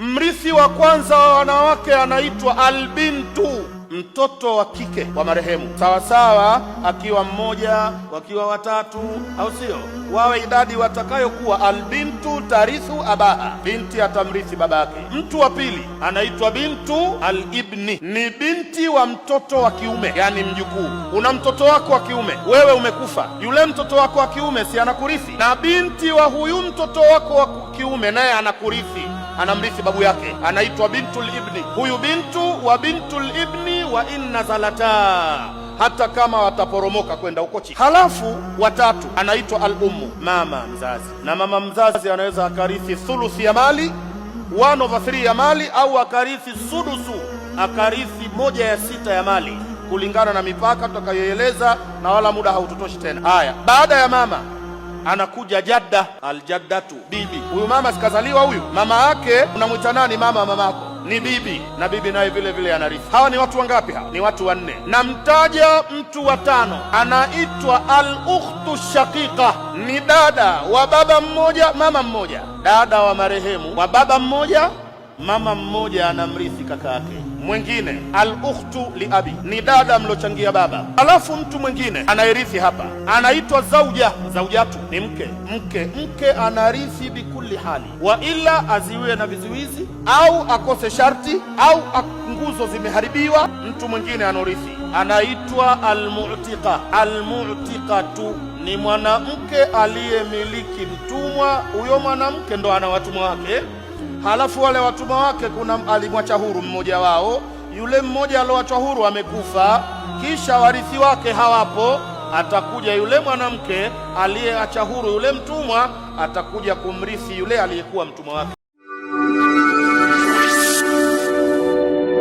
Mrithi wa kwanza wa wanawake anaitwa albintu, mtoto wa kike wa marehemu, sawasawa akiwa mmoja, wakiwa watatu, au sio? Wawe idadi watakayokuwa albintu tarithu abaha, binti atamrithi babake. Mtu wa pili anaitwa bintu alibni, ni binti wa mtoto wa kiume, yani mjukuu. Una mtoto wako wa kiume, wewe umekufa, yule mtoto wako wa kiume si anakurithi? Na binti wa huyu mtoto wako wa kiume naye anakurithi, anamrithi babu yake, anaitwa bintu ibni. Huyu bintu wa bintu libni wa inna zalata hata kama wataporomoka kwenda huko chini. Halafu watatu anaitwa al-ummu, mama mzazi, na mama mzazi anaweza akarithi thuluthi ya mali, one over three ya mali, au akarithi sudusu, akarithi moja ya sita ya mali kulingana na mipaka tutakayoeleza, na wala muda haututoshi tena. Haya, baada ya mama anakuja jadda, aljaddatu, bibi. Huyu mama sikazaliwa huyu, mama yake unamwita nani? Mama mama yako ni bibi na bibi naye vile vile anarithi. Hawa ni watu wangapi? Hawa ni watu wanne. Namtaja mtu wa tano, anaitwa al-ukhtu shaqiqa, ni dada wa baba mmoja mama mmoja, dada wa marehemu wa baba mmoja mama mmoja anamrithi kaka yake mwingine, al-ukhtu li abi ni dada mlochangia baba. Alafu mtu mwingine anayerithi hapa anaitwa zauja, zaujatu ni mke, mke mke anarithi bikulli hali, wa ila aziwe na vizuizi au akose sharti au nguzo zimeharibiwa. Mtu mwingine anorithi anaitwa almutiqa, almutiqatu ni mwanamke aliyemiliki mtumwa. Huyo mwanamke ndo ana watumwa wake Halafu wale watumwa wake kuna alimwacha huru mmoja wao, yule mmoja alioachwa huru amekufa, kisha warithi wake hawapo. Atakuja yule mwanamke aliyeacha huru yule mtumwa, atakuja kumrithi yule aliyekuwa mtumwa wake.